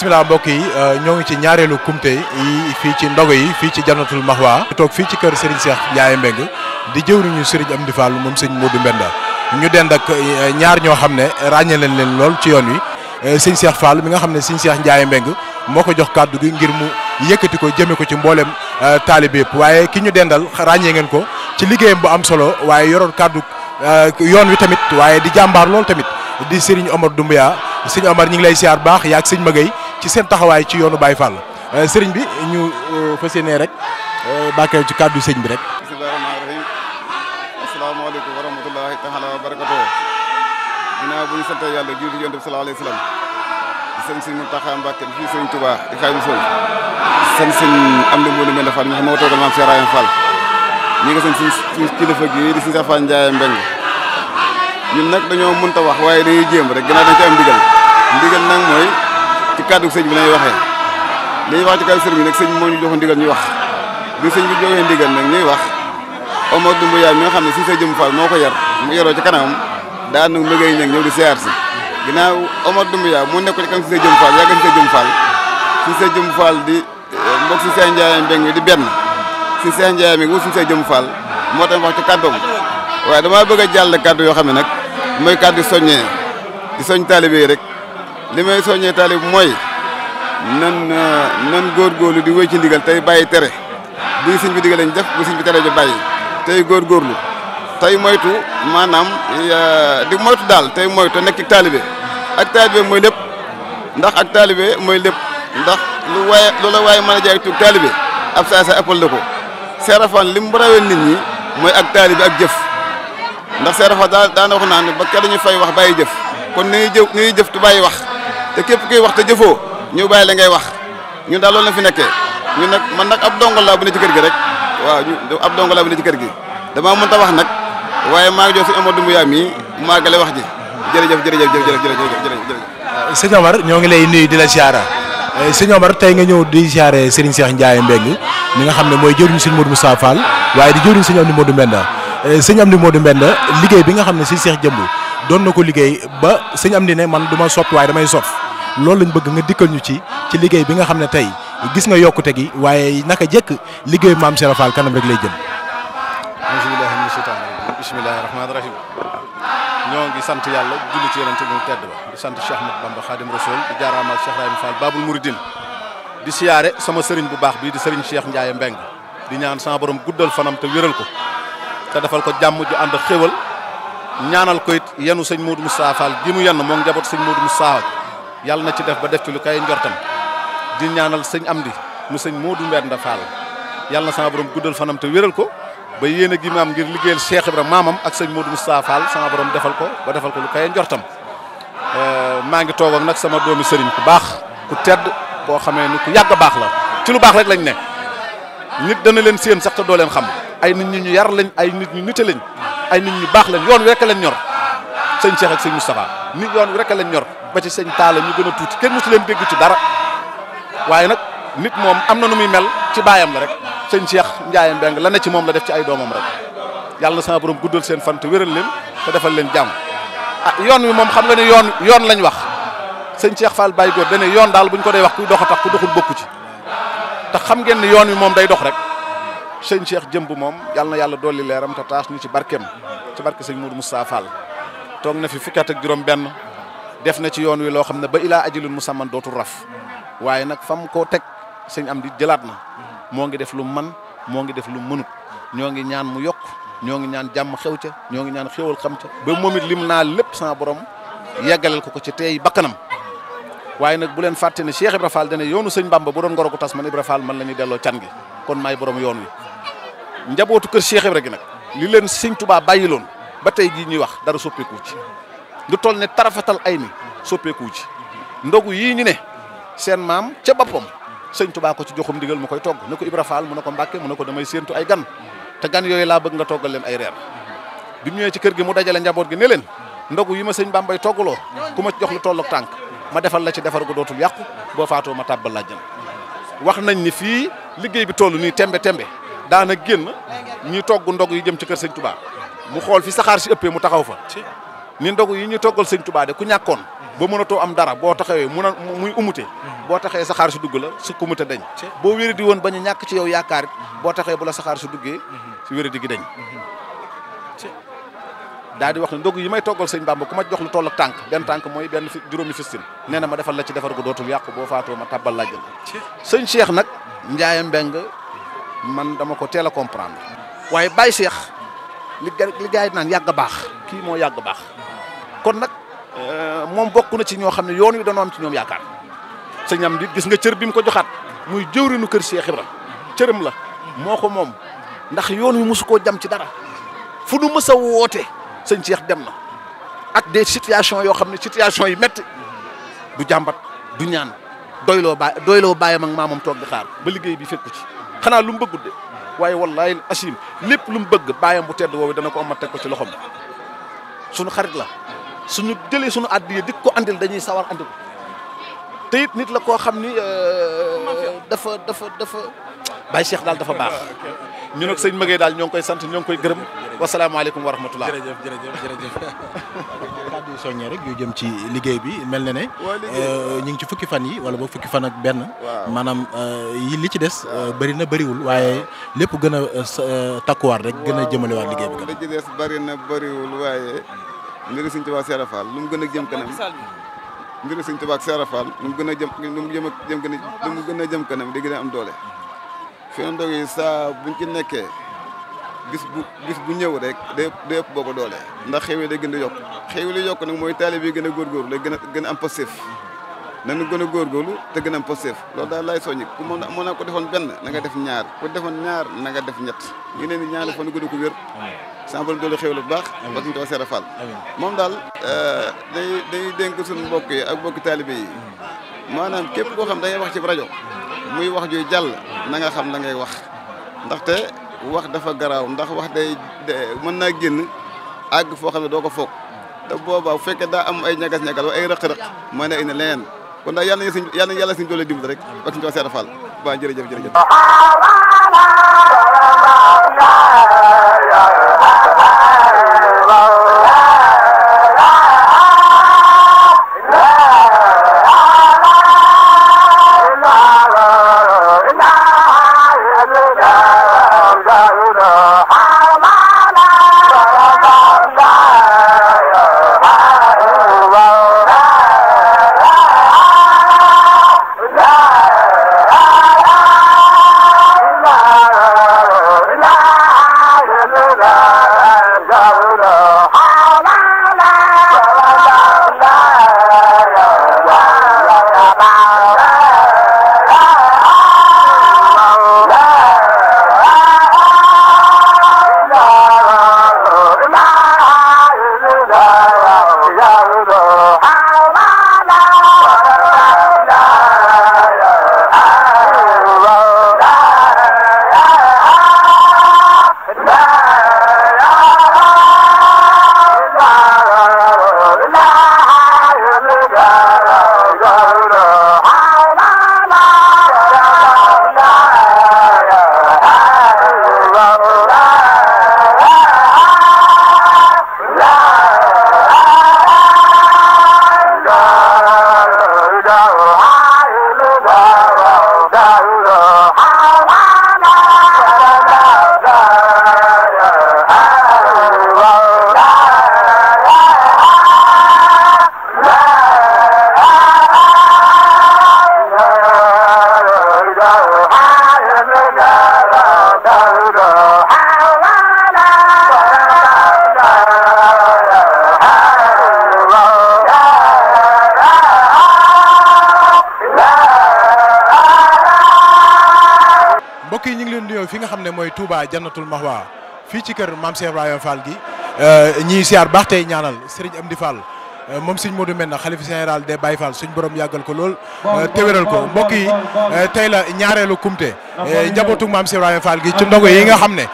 bisimilah mbokk yi euh, ñoo ngi ci ñaareelu kumte yi fii ci ndogo yi fii ci jannatul maxwa toog fii ci kër Serigne Cheikh Ndiaye Mbengue di jëwriñu Serigne Amdi Fall moom sëñ Modou Mbenda ñu dend ak euh, ñaar ñoo xam ne ràññee leen leen lool ci yoon wi euh, sëñ Cheikh Fall mi nga xam ne sëñ Cheikh Ndiaye Mbengue moo ko jox kàddu gi ngir mu yëkkati ko jëme ko ci mboolem taalibe yëpp waaye ki ñu dendal ràññee ngeen ko ci liggéeyam bu am solo waaye yoroon kàddu yoon wi tamit waaye di jàmbaar lool tamit di Serigne Omar Doumbia sëñ Omar ñu ngi lay siyaar baax yaak sëñ Magay ci seen taxawaay ci yoonu Baye Fall euh, sëriñ bi ñu euh, fas yéenee rek euh, bàkkee ci kàddu sëñ bi rek. bismillahi rahmaani rahim asalaamaaleykum wa rahmatullahi taala wa barakatuh ginnaaw bu ñu sant yàlla jiitu yonent bi sallallahu alayhi wa sallam sëñ sëñ Mountakha Mbacké fii sëñ Touba di xaaju sol sëñ sëñ am na mboolu mel ne Fall mi nga xam moo toogal maam Cheikh Rahim Fall ñi nga sëñ suñ suñ kilifa gi di sëñ Safa Ndiaye Mbengue ñun nag wax waaye dañuy jéem rek ginnaaw dañ ci am ndigal ndigal ci kàddu sëñ bi nañuy waxee li wax ci kàddu sëñ bi nag sëñ bi moo ñu joxoon ndigal ñu wax bi sëñ bi joxee ndigal nag ñuy wax Omar Dumbu Yaay mi nga xam ne si sa jëm moo ko yar mu yaroo ci kanam daan nag liggéey nag ñëw di siyaar ginnaaw Omar Dumbu Yaay mu nekk ci kanam si sa jëm Fall yàgg si sa jëm Fall si sa jëm Fall di eh, mbokk si Seex Njaay Mbeng di benn si Seex mi wut si sa jëm Fall moo tax wax ci kàddoom waaye damaa bëgg a jàll kàddu yoo xam ne nag mooy kàddu soññee di soñ taalibe rek li may soññee taalib mooy nan euh, nan góorgóorlu di wéy ci ndigal tey bàyyi tere bu siñ bi digalee ñu def bu sëñ bi tere ñu bàyyi tey góor góorlu tey moytu maanaam di moytu daal tey moytu nekk ci taalibe ak taalibe mooy lépp ndax ak mooy lépp ndax lu waaye lu la waaye mën a jaay tuug taalibe ab saa sa appal la ko seerafaan li mu rawee nit ñi mooy ak taalibe ak jëf ndax seerafaan daa daana wax naan ba kenn ñu fay wax bàyyi jëf kon ni ñuy jëf jëf tu bàyyi wax képp kuy wax te jëfoo ñu bàyyi la ngay wax ñu daal loolu la fi nekkee ñun nag man nag ab dongo laa bu ne ci kër gi rek waa ab dongo laa bu ne ci kër gi damaa mënta wax nag waaye maa ngi jox si Amadou Mbuya mii maagale wax ji jërëjëf jërëjëf jërëjëf jërëjëf jërëjëf. Euh, sëñ Omar ñoo ngi lay nuyu di la siyaara euh, sëñ Omar tey nga ñëw di siyaare Serigne Cheikh Ndiaye Mbengue mi nga xam ne mooy jëriñu sëñ Modou Moussa Fall waaye di jëriñu sëñ Amdi Modou Mbenda euh, sëñ Amdi Modou Mbenda liggéey bi nga xam ne si Cheikh jëmb doon na ko liggéey ba sëñ Amdi ne man du ma soppi waaye damay sof loolu lañ bëgg nga dikkal ñu ci ci liggéey bi nga xam ne tey gis nga yokkute gi waaye naka jëkk liggéey maam Cheikh Fall kanam rek lay jëm. bismillaahi rahmaani rahiim ñoo ngi sant yàlla julli ci yonente bu tedd ba di sant Cheikh Ahmadou Bamba Xaadim Rasul di jaaraamal Cheikh Rahim Fall Babul Mouridine di siyaare sama sëriñ bu baax bii di sëriñ Cheikh Ndiaye Mbeng di ñaan sama boroom guddal fanam te wéral ko te defal ko jàmm ju ànd xéwal ñaanal ko it yenu sëñ Modou Moustapha Fall ji moom njaboot sëñ Modou Moustapha yàlla na ci def ba def ci lu kay njortam di ñaanal sëñ am di mu sëñ Modou Mbenda Fall yàlla na sama borom guddal fanam te wéral ko ba yéen a gi maam ngir liggéeyal Cheikh Ibra maamam ak sëñ Modou Moustapha Fall sama borom defal ko ba defal ko lu kay njortam euh, maa ngi toogoon nag sama doomi sëriñ ku baax ku tedd koo xamee ni ku yàgg baax la ci lu baax rek lañ ne nit dana leen séen sax te doo leen xam ay nit ñi ñu yar lañ ay nit ñu nite lañ ay nit ñu baax lañ yoon wekk lañ ñor sëñ Cheikh ak sëñ Moustapha nit yoon rek lañ ñor ba ci sëñ Talla ñu gën a tuuti kenn mosu leen dégg ci dara waaye nag nit moom am na nu muy mel ci baayam la rek sëñ Cheikh Ndiaye Mbeng la ne ci moom la def ci ay doomam rek yàlla na sama guddal seen fan te wéral leen te defal leen jàmm ah yoon wi moom xam nga ne yoon yoon lañ wax sëñ Cheikh Fall Baye Góor dane yoon daal buñ ko dee wax kuy dox a tax ku doxul bokku ci te xam ngeen ne yoon wi moom day dox rek sëñ Cheikh jëmb moom yàlla na yàlla dolli leeram te taas ñu ci barkeem ci barke sëñ Mourou Moustapha Fall toog na fi fukki at ak juróom-benn def na ci yoon wi loo xam ne ba ilaa mu musamman dootul raf waaye nag fam koo teg sëñ am di jëlaat na moo ngi def lu man moo ngi def lu mënut ñoo ngi ñaan mu yokk ñoo ngi ñaan jàmm xew ca ñoo ngi ñaan xewal xam ca ba moom it lim naa lépp sama borom yeggaleel ko ko ci tey bakkanam waaye nag bu leen fàtte ne Cheikh Ibra Fall dana yoonu sëñ Bamba bu doon ngoro ko tas man Ibra rafaal man la ñuy delloo can gi ko maay borom yoon wi njabootu kër Cheikh Ibra nag li leen sëñ Tuubaa bàyyiloon ba tey jii ñuy wax dara soppeeku ci lu toll ne tarafatal ay ni soppeeku ci ndogu yii ñu ne seen maam ca boppam sëñ Tuubaa ci joxum ndigal mu koy togg na ko Ibra Faal mu ne ko Mbàkke mu na ko damay séentu ay gan te gan yooyu laa bëgg nga toggal leen ay reer bi mu ñëwee ci kër gi mu dajale njaboot gi ne leen ndogu yi ma sëñ Bambay toggaloo ku ma ci jox lu toll tànk ma defal la ci defar gu dootul yàqu boo faatoo ma tàbbal laa jëm wax nañ ni fii liggéey bi toll nii tembe tembe daana génn ñuy togg ndog yi jëm ci kër sëñ Tuubaa mu xool fi saxaar si ëppee mu taxaw fa ni ndogu yi ñu toggal sëñ Tuubaa de ku ñàkkoon ba mënatoo am dara boo taxawee mun a muy umute mhm. boo taxee saxaar si dugg la su kumute dañ boo wéri di woon ba ñu ñàkk ci yow yaakaar mhm. boo taxee bu la saxaar si duggee mhm. si wéri diggi gi dañ daal di wax ni ndogu yi may toggal sëñ Bamba ku ma jox lu toll tànk benn tànk mooy benn juróomi fistin nee na ma defal la ci defar gu dootul yàqu boo faatoo ma tabbal laaj sëñ Cheikh nag Ndiaye Mbeng man dama ko teel a comprendre waaye Baye Cheikh li li gars yi naan yàgg baax kii moo yàgg baax kon nag euh, moom bokk na ci ñoo xam ne yoon wi danoo ci ñoom yaakaar sëñ am di gis nga cër bi mu ko joxaat muy jëwrinu kër Cheikh Ibra cëram la moo ko moom ndax yoon wi mosu koo jam ci dara fu nu mës woote sa Cheikh dem na ak des situations yoo xam ne situation yi métti du jàmbat du ñaan doyloo baay doyloo baayam ak maamam toog di xaar ba liggéey bi fekku ci xanaa lu mu bëggul de waaye wallaahi asim lépp lu mu bëgg bàyyam bu tedd woowu dana ko ma teg ko ci loxom suñu xarit la suñu jëlee suñu àddiya dik ko andil dañuy sawar andil ko it nit la koo xam ni euh, dafa dafa dafa Baye Cheikh daal dafa baax ñu nag sëñ Maguette daal ñoo ngi koy sant ñoo ngi koy gërëm wasalaamaaleykum wa rahmatulah. jërëjëf jërëjëf jërëjëf. kàddu yu soññee rek yu jëm ci liggéey bi mel na ne. Euh, ñu ngi ci fukki fan yi wala boog fukki fan ak benn. maanaam euh, yi li ci des euh, bëri na bëriwul waaye lépp gën a takkuwaat rek. gën a jëmalewaat liggéey bi. waaw li ci des bëri na bëriwul waaye. mbiri Sëñ Tuubaa Seex Faal lu mu gën a jëm kanam. mbiru si Tuubaa ak Seera Faal nu gën a jëm nu mu jëm a jëm gën a nu mu gën a jëm kanam di gën a am doole fi na ndog saa buñ ci nekkee bis bu gis bu ñëw rek day day ëpp ko doole ndax xew yi day gën a yokk xew yi li yokk nag mooy taalib gën a góor day gën a gën a am passif nañu gën a góorgóorlu te gën a am loolu daal laay soññi ku moo mën naa ko defoon benn na nga def ñaar ku defoon ñaar nanga def ñett ñu leen di ñaanal fa nu gën a ko wér sàmbal doole xew lu baax ba suñu too seer a fall moom daal euh, day dañuy dénk suñu mbokk yi ak mbokki taalibe yi maanaam képp koo xam da ngay wax ci rajo muy wax juy jàll na nga xam la ngay wax ndaxte wax dafa garaaw ndax wax day mën naa génn àgg foo xam ne doo ko fook te booba bu fekkee daa am ay ñagas-ñagal wa ay rëq-rëq mën na indi leneen kon nag yal nañu suñ yal nañu yàlla suñ doole dimbali rek wax ñu ko seera Fall waaw jërëjëf jërëjëf fi nga xam ne mooy Touba Jannatul Mahwa fii ci kër maam Cheikh Ibrahima Fall gi euh, ñiy siyaar baax tey ñaanal Serigne Amdi Fall euh, moom sëñ Modou Mbène xalifa général des bay Fall suñ borom yàggal ko lool euh, téwéral ko mbokk yi tey la ñaareelu kumte njabootu maam Cheikh Ibrahima Fall gi ci ndogo yi nga xam ne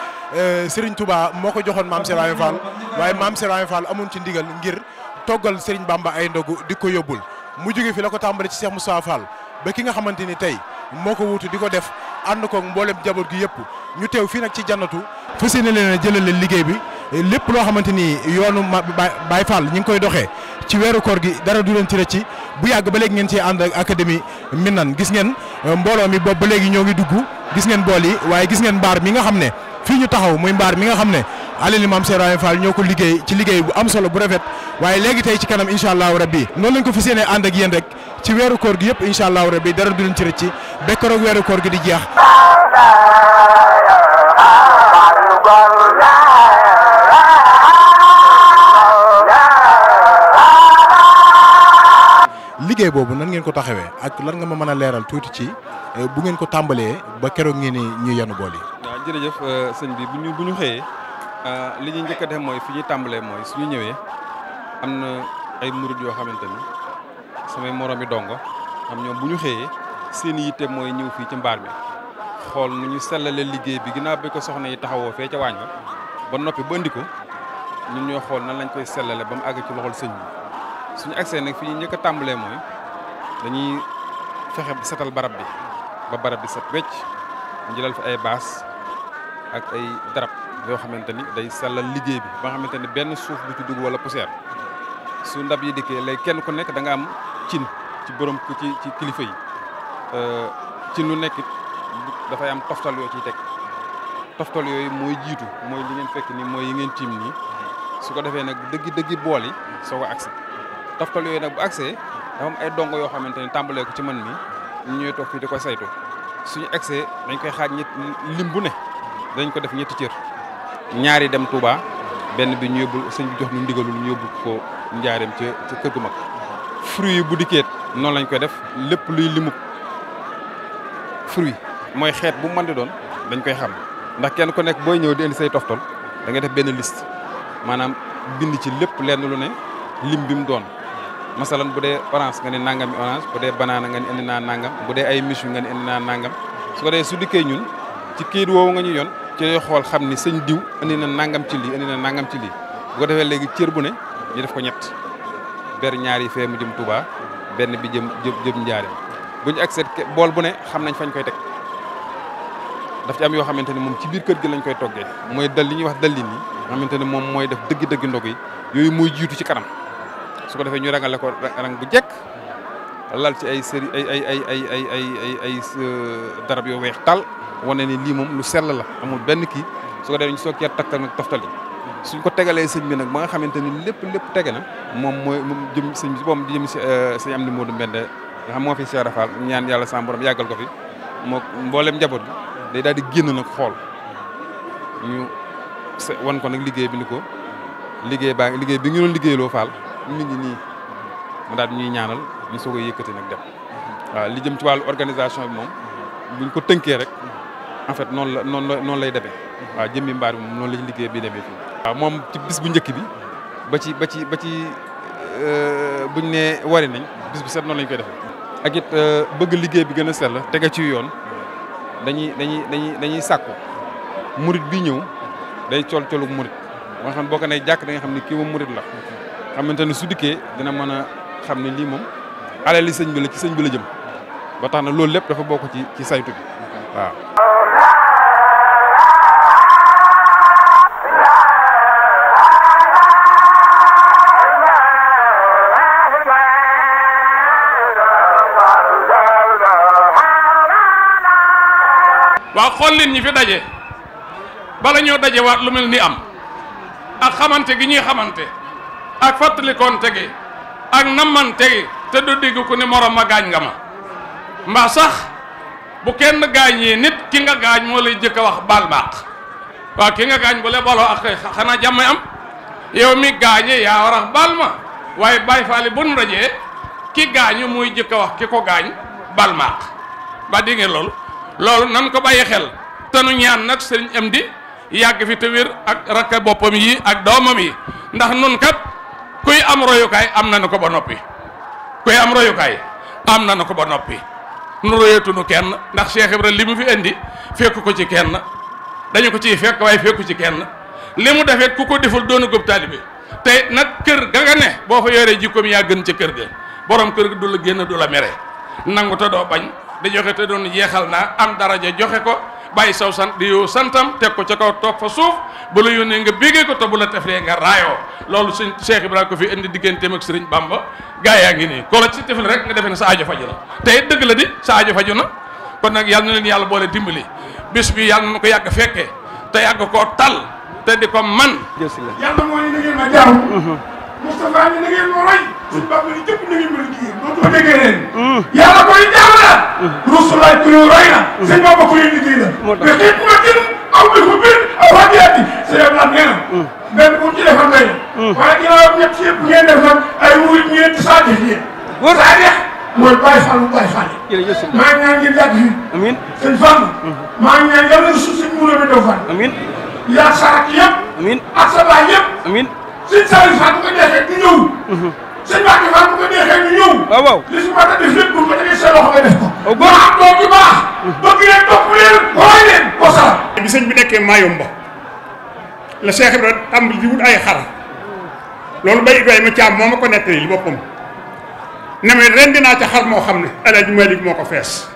Serigne Touba moo ko joxoon maam Cheikh Ibrahima Fall waaye maam Cheikh Ibrahima Fall amoon ci ndigal ngir toggal Serigne Bamba ay ndogu di ko yóbbul mu jóge fi la ko tàmbali ci Cheikh Moussa Fall ba ki nga xamante ni tey moo ko wuutu di ko def ànd kook mbooleem jaboot gi yëpp ñu teew fii nag ci janatu fas yéene leen a jëlale liggéey bi lépp loo xamante ni yoonu Baay Faal ñi ngi koy doxee ci weeru koor gi dara du leen ci rëcc bu yàgg ba léegi ngeen ci ànd ak académie nan gis ngeen mbooloo mi boobu ba léegi ñoo ngi dugg gis ngeen bool yi waaye gis ngeen mbaar mi nga xam ne fii ñu taxaw muy mbaar mi nga xam ne alali maam Serigne Fall ñoo ko liggéey ci liggéey bu am solo bu rafet léegi tey ci kanam incha allahu rabbi noonu lañ ko fas yéene ànd ak yéen rek ci weeru koor gi yëpp incha allahu rabbi dara du leen ci rëcc ba keroog weeru koor gi di jeex. liggéey boobu nan ngeen ko taxawee ak lan nga ma mën a leeral tuuti ci eh, bu ngeen ko tàmbalee ba keroog ngeen ni ñu yanu bool yi. waaw jërëjëf euh, sëñ bi bu ñu bu ñu xëyee euh, li ñuy njëkk def mooy fi ñuy tàmbalee mooy suñu ñëwee am na ay murid yoo xamante ni samay moroom yi dongo am ñoom bu ñu xëyee seen yitte mooy ñëw fii ci mbaar mi xool nu ñu sellale liggéey bi ginaar bi ko soxna yi taxawoo fee ca waañ ba ba noppi ba indi ko ñun ñoo xool nan lañ koy sellale ba mu àgg ci loxol sëñ bi suñu agsee nag fi ñu njëkk a tàmbalee mooy dañuy fexe setal barab bi ba barab bi set wecc jëlal fi ay baas ak ay darab yoo xamante ni day sellal liggéey bi ba nga xamante ni benn suuf bu ci dugg wala poussière su ndab yi dikkee léegi kenn ku nekk da am cin ci borom ci ci kilifa yi euh, cin lu nekk dafay am toftal yoo ciy teg toftal yooyu mooy jiitu mooy li ngeen fekk nii mooy yi ngeen tiim nii su ko defee nag dëggi dëggi bool yi soo ko accès toftal yooyu nag bu accès dafa am ay dongo yoo xamante ne tàmbalee ko ci man mi ñu ñooy toog fii di ko saytu suñu accès dañ koy xaaj ñett lim bu ne dañ ko def ñetti cër ñaari dem Touba benn bi ñu yóbbul sëñ bi jox ñu ndigalul ñu yóbbu ko njaareem ca ca kër gu mag fruit yi bu dikkeet noonu lañ koy def lépp luy limub fruit mooy xeet bu mën di doon dañ koy xam ndax kenn ku nekk booy ñëw di indi say toftol da ngay def benn liste maanaam bind ci lépp lenn lu ne lim bi mu doon masalan bu dee orange nga ne nangam orange bu dee banaana nga ne indi naa nangam bu dee ay michu nga ne indi naa nangam su ko dee su dikkee ñun ci kayit woowu nga ñu yoon ci lay xool xam ni sëñ diw indi na nangam ci lii andi na nangam ci lii bu ko defee léegi cër ne ñu def ko ñett ber ñaari yi fee mu jëm Touba benn bi jëm jëm Njaareem bu ñu accès bool bu ne xam nañ fañ koy teg daf ci am yoo xamante ne moom ci biir kër gi lañ koy toggee mooy dal li ñuy wax dalin yi nga xamante moom mooy def dëgg-dëgg ndog yi yooyu mooy jiitu ci kanam su ko defee ñu rangale ko rang bu jekk lal ci ay sëri ay ay ay ay ay ay ay ay darab yoo weex tal wane ni lii moom lu sell la amul benn kii su ko defee ñu soog cee takkal nag toftal suñ ko tegalee siñ bi nag ba nga xamante ni lépp lépp tege na moom mooy moom jëm sëñ bi mu jëm si euh, sëñ am di Modou Mbende nga xam moo fi Cheikh Rafal ñaan yàlla sama borom yàggal ko fi moo mboolem njaboot bi day daal di génn nag xool ñu wan ko nag liggéey bi ni ko liggéey baa liggéey bi ngi doon liggéeyloo Fall mi ngi nii mu daal ñuy ñaanal ñu soo a yëkkati nag dem waaw li jëm ci wàllu organisation bi moom buñ ko tënkee rek en fait noonu la noonu la noonu lay demee waa jëmmi mbaar bi moom noonu la liggéey bi waaw moom ci bis bu njëkk bi ba ci ba ci ba ci euh, buñ ne wari nañ bis bu set noonu lañ koy defee. ak it euh, bëgg liggéey bi gën a la tege ci yoon dañuy dañuy dañuy dañuy sàkku murit bi ñëw day col colu murit ba nga xam boo ko nee jàkk da nga xam ne kii moom murit la. xamante ne su dikkee dana mën a xam ne lii moom alal li sëñ bi la ci sëñ bi la jëm ba tax na loolu lépp dafa bokk ci ci saytu bi waaw. waaw xool leen ñi fi daje bala ñoo daje waat lu mel ni am ak xamante gi ñuy xamante ak fàttalikoonte gi ak nammante gi te du dégg ku ne morom ma gaañ nga ma mbaa sax bu kenn gaañee nit ki nga gaañ moo lay jëkk a wax baal baax waaw ki nga gaañ bu le baloo ak xanaa jàmm am yow mi gaañee yaa war a baal ma waaye Baay bu nu rajee ki gaañu muy jëkk a wax ki ko gaañ baal baax ba di ngeen loolu loolu nan ko bàyyi xel te nu ñaan nag sëriñ am di yàgg fi te wér ak rakka boppam yi ak doomam yi ndax nun kat kuy am royukaay am na na ko ba noppi kuy am royukaay am na na ko ba noppi nu royatunu kenn ndax Cheikh Ibra li mu fi indi fekku ko ci kenn dañu ko ciy fekk waaye fekku ci kenn li mu defet ku ko deful doonu góob bi tey nag kër ga nga ne boo fa yoree jikkoom yaa gën ca kër ga borom kër ga du la génn du la mere nangu te doo bañ da joxe te doon yeexal naa am daraja joxe ko bàyyi saw sant di yow santam teg ko ca kaw toog fa suuf bu la yónnee nga bégee ko te bu la teflee nga raayoo loolu suñ Cheikh Ibrahima ko fi indi digganteem ak Serigne Bamba gaa yaa ngi nii ko la ci tefle rek nga defee ne sa aajo faju na tey dëgg la di sa ajo faju na kon nag yàlla na leen yàlla boole dimbali bis bi yàlla na ko yàgg fekke te yàgg ko tal te di ko man yàlla mooy na ngeen ma jaaw mm-hmm. Moustapha ni na ngeen ma roy suñ bàmba ni jëpp na ngeen ma liggéey dootu ma déggee leen mm. yàlla koy jaam la rusulaay ku ñu roy na suñ bàmba ku ñu liggéey la te xiit ma tin aw bi fu biir aw wajiyaati sa yam laat nee na mm. benn bu ci defar doy mm. waaye ginnaaw ñett yëpp ngeen def nag ay wurit ñeen ci saa def yéen saa def mooy Baye Fall mu Baye Fall maa ngi ñaan ngeen yàgg fi amiin sëñ Fall mm-hmm. maa ngi ñaan yàlla na suuf suñ mën a bi doo fan amiin yaa sa rak yëpp amiin ak sa baay yëpp amiin suñ Saliou Fall bu ko neexee ñu ñëw. suñ Mbacke Fall bu ko neexee ñu ñëw. waaw ah, waaw li si mën a def lépp bu ma tegee sa loxo nga def ko. Ah, waaw boo xam doom ju baax. bëgg leen topp leen wooy leen ko sala. bi sëñ bi nekkee Mayumba la Cheikh Ibrahima tàmbali di wut ay xar loolu bay Ibrahima Thiam moo ma ko nettali li boppam ne ma rendi naa ca xar moo xam ne El Hadj Malick moo ko fees.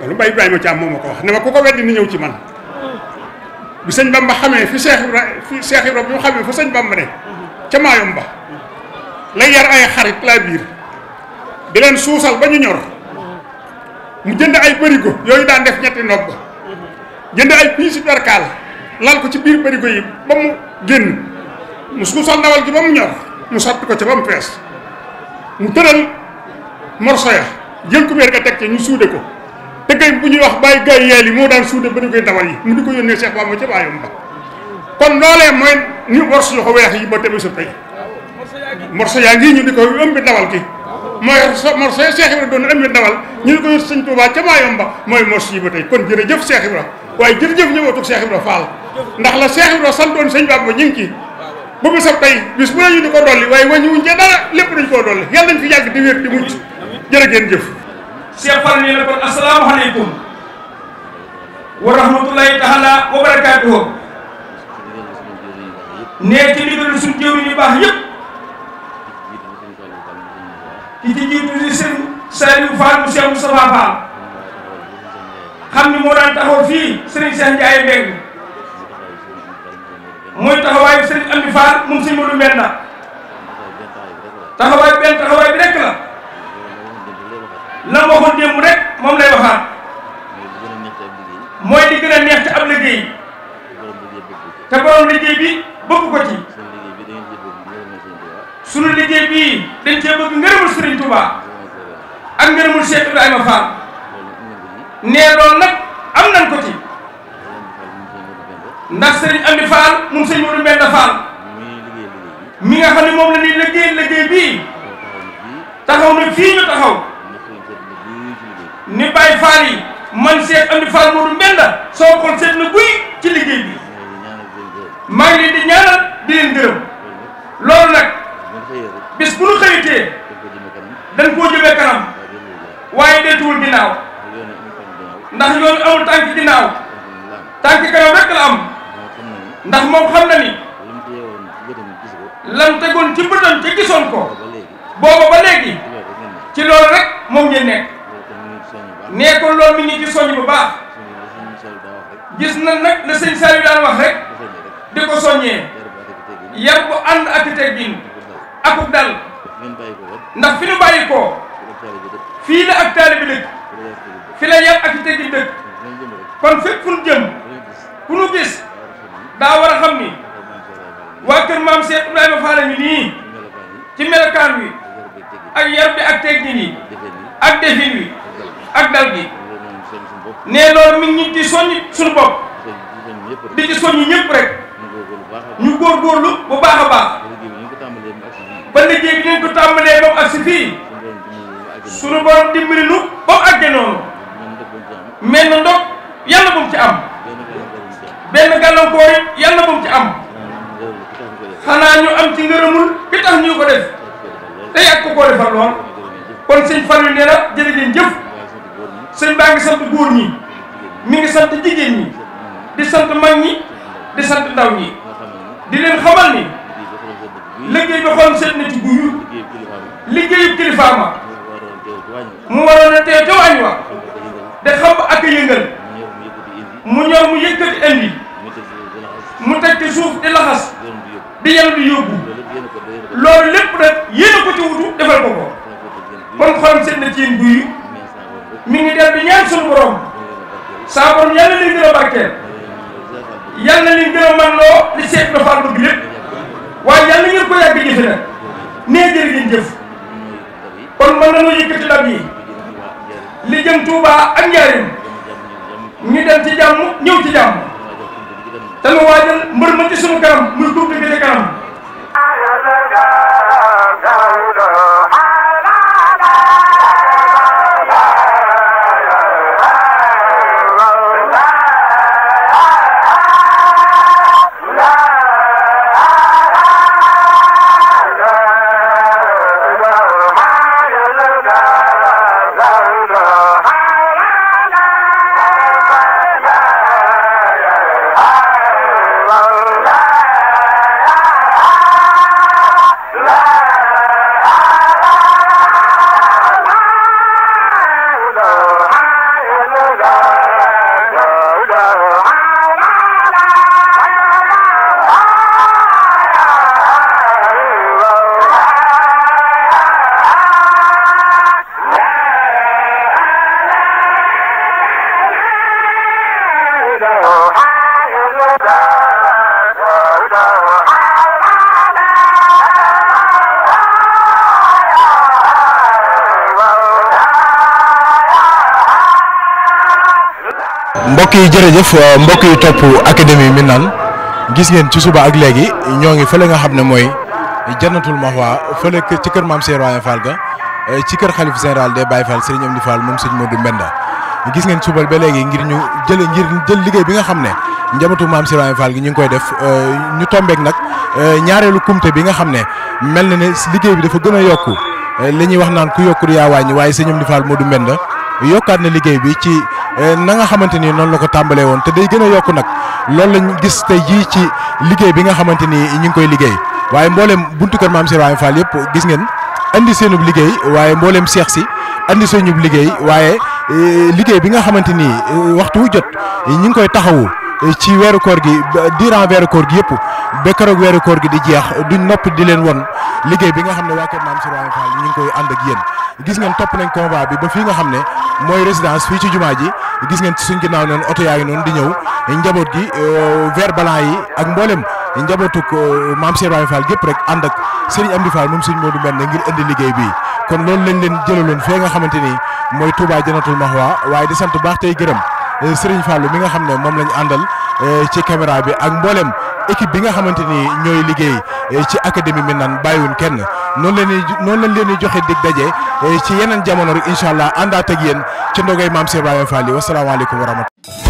loolu bay Ibrahima Thiam moo ma ko wax ne ma ku ko weddi ni ñëw ci man. bi sëñ bamba xamee fi Cheikh Ibra fi Cheikh Ibra bi mu xamee fa sëñ bamba ne ca maayom ba lay yar ay xarit laa biir di leen suusal ba ñu ñor mu jënd ay bërigo yooyu daan def ñetti nopp jënd ay piisi perkaal lal ko ci biir bërigo yi ba mu génn mu suusal ndawal gi ba mu ñor mu sotti ko ca ba mu fees mu tëral morso ya jël ku ga teg ca ñu suude ko te bu ñuy wax bàyyi gay yeel yi moo daan suude ba ñu koy ndawal yi mu di ko yónnee Cheikh Bamba ca bàyyam ba kon loolee mooy ni morso yu ko weex yi ma ba tebe sa tey morso yaa ngi ñu di ko ëmbi ndawal ki mooy morso ya Cheikh Ibra doon ëmbi ndawal ñu di ko yor mooy morso yi ba tey kon jërëjëf Cheikh Ibra waaye jërëjëf ñëwatug Cheikh Ibra Fall ndax la Cheikh Ibra santoon sëñ Bamba ñu ngi ci ba sa tey bis bu ne ñu ni ko dolli waaye wàññiwuñ ca dara lépp dañ koo dolli yàlla nañ fi yàgg di wér di mucc jërë jëf Cheikh Fall nee na kon asalaamaaleykum wa rahmatulahi taala wa barakaatuhu nee ci ndigalu suñu jëwriñ yu baax yëpp ki ci jiitu di sëñ Saliou Fall mu Cheikh Moustapha Fall xam ni moo daan taxaw fii sëriñ Cheikh Ndiaye Mbeng mooy taxawaayu sëriñ Amdi Fall moom sëñ Modou Mbenda taxawaay benn taxawaay bi rek la la ma ko démb rek moom lay waxaat. mooy di gën a neex ci ab liggéey. te borom bi bëgg ko ci. sunu liggéey bii dañ cee bëgg ngërëmul Serigne ak ngërëmul Cheikh Ibrahima Fall. nee loolu nag mi nga xam ne moom la ñuy liggéey liggéey bii. taxaw na fii ñu taxaw. ni Baye Fall yi man Cheikh Amdi Fall Modou Mbenda soo xool seet na guy ci liggéey bi maa ngi di ñaanal di leen gërëm loolu nag bis bu nu xëyitee dañ koo jëmee kanam waaye deetuwul ginnaaw ndax yoon amul tànk ginnaaw tànk kanam rek la am ndax moom xam na ni lan tegoon ci bëtam ca gisoon ko booba ba léegi ci loolu rek moom ngeen nekk. nee ko loolu mi ngi ci soññ bu baax gis na nag la sëñ Saliou daan wax rek di ko soññee yar bu ànd ak teggin akub dal ndax fi nu bàyyi koo fii la ak taalibi dëkk fi la yar ak teggin dëkk kon fépp fu nu jëm ku nu gis daa war a xam ni waa kër maam Cheikh Ibrahima Fall mi nii ci melokaan wi ak yar bi ak teggin yi ak defin wi ak dal gi nee loolu mi ngi di soññ suñu bopp di ci soññ ñëpp rek ñu góorgóorlu bu baax a baax ba liggéey bi ñu ko tàmbalee moom ak si fii suñu borom dimbali nu ba mu àggee noonu mel yàlla bu ci am benn gàllankoor it yàlla bu mu ci am xanaa ñu am ci ngërëmul bi tax ñu ko def te yàgg ko defal lool kon sëñ Fallou nee na jërëjëf jëf sëñ baa ngi sant góor ñi mi ngi sant jigéen ñi di sant mag ñi di sant ndaw ñi di leen xamal ni liggéey bi xool seet na ci guyu liggéeyu kilifa ma mu waroon a teew ca waañ wa de xam ba ak yëngal mu ñor mu yëkkati indi mu teg ci suuf di laxas di yenu di yóbbu loolu lépp nag yéen ko ci wutu defal ko ko kon xolam seet na ci yéen guyu mi ngi dem di ñaan suñu borom saa borom yàlla liy gën a barkeel yàlla liy gën a li seet na fàll bëgg lépp waaye yàlla ko yàgg jëfe nag nee jërë ngeen jëf kon mën nañoo yëkkati ndab yi li jëm Touba ak Njaaréem ñu dem ci jàmm ñëw ci te nu waajal mbër ma ci sunu muy coupe bi ci mbokk jërëjëf euh, mbokk yi topp académie mi naan gis ngeen ci suba ak léegi ñoo ngi fële nga xam ne mooy jannatul mahwa fële ci kër maam Seydou Waye ga euh, ci kër xalif général des Baye Fall Serigne Amdi Fall moom Serigne Modou Mbenda gis ngeen subal ba léegi ngir ñu jële ngir jël liggéey bi nga xam ne njabootu maam gi ñu ngi koy def euh, ñu tombeek nag ñaareelu kumte bi nga xam ne mel na ne liggéey bi dafa gën a yokk li ñuy wax naan ku yokku yaa wàññi waaye Serigne Amdi moo Modou Mbenda yokkaat na liggéey bi ci eh, na nga xamante ni noonu la ko tàmbalee woon te day gën a yokk nag loolu lañ gis tey jii ci liggéey bi nga xamante ni ñu ngi koy liggéey waaye mboolem buntu kër maam Cheikh Ibrahima Fall yëpp gis ngeen andi seenub liggéey waaye mboolem seex si andi seenub liggéey waaye eh, liggéey bi nga xamante ni eh, waxtu wu jot ñu ngi koy taxawu ci weeru koor gi diiran weeru koor gi yëpp ba keroog weeru koor gi di jeex duñ noppi di leen won liggéey bi nga xam ne waa Kër Maam Sir Waye Fall ñu koy ànd ak yéen gis ngeen topp nañ convoi bi ba fii nga xam ne mooy résidence fii ci jumaa ji gis ngeen suñ ginnaaw noonu oto yaa ngi noonu di ñëw njaboot gi euh, vert blanc yi ak mbooleem njabootu euh, Maam Sir Waye Fall gépp rek ànd ak Serigne Amdi Fall moom suñ Serigne mel Mbène ngir indi liggéey bi kon loolu lañ leen jëlaloon fee nga xamante ni mooy Touba Janatul Mahwa waaye di sant baax tey gërëm euh, Serigne Fallou mi nga xam ne moom lañ àndal ci caméra bi ak mboolem équipe bi nga xamante ni ñooy liggéey eh, ci académie mi naan bàyyiwuñ kenn noonu leen ñuy noonu lañ leen di joxe dig daje eh, ci yeneen jamono rek incha allah àndaat ak yéen ci ndogay maam Cheikh Ibrahima wa yi wasalaamaaleykum wa rahmatulah.